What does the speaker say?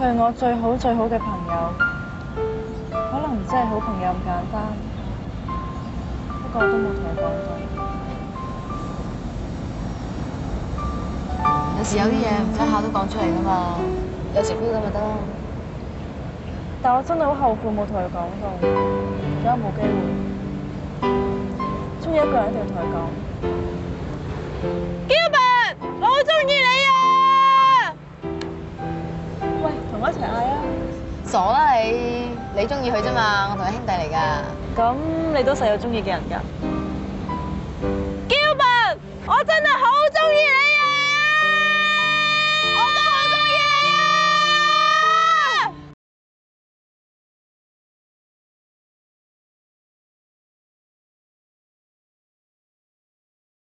佢係我最好最好嘅朋友，可能唔只係好朋友咁簡單，不過都冇同佢講過。有時有啲嘢唔使下都講出嚟㗎嘛，有食煙咁咪得。但我真係好後悔冇同佢講過，而家冇機會，鍾意一個人一定要同佢講。傻啦你，你中意佢啫嘛？我同佢兄弟嚟噶。咁你都實有中意嘅人噶。嬌麥，我真係好中意你。